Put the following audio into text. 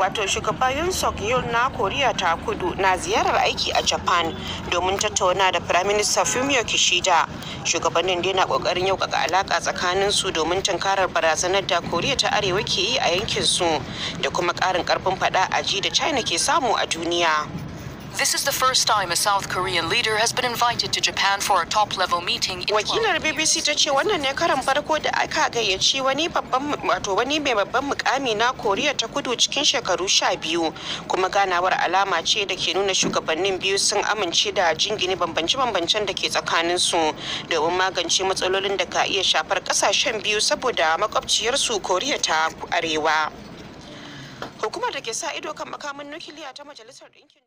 wato shugaban yun suk yun na koriya ta kudu na ziyarar aiki a japan domin tattauna da prime minister fumio kishida shugabannin dai na kokarin yaukaka alaka tsakanin su domin tunkarar barazanar da koriya ta arewa ke yi a yankin su da kuma karin karfin fada aji da china ke samu a duniya This is the first time a South Korean leader has been invited to Japan for a top-level meeting. Wakilar BBC ta ce wannan ne karan farko da aka gayyaci wani babban wato wani mai babban mukami na Koriya ta Kudu cikin shekaru sha biyu kuma ganawar alama ce da ke nuna shugabannin biyu sun amince da jingini bambance-bambancen da ke tsakanin su domin magance matsalolin da ka iya shafar kasashen biyu saboda makwabciyarsu Koriya ta Arewa. Hukumar da ke sa ido kan makamin nukiliya ta Majalisar Ɗinkin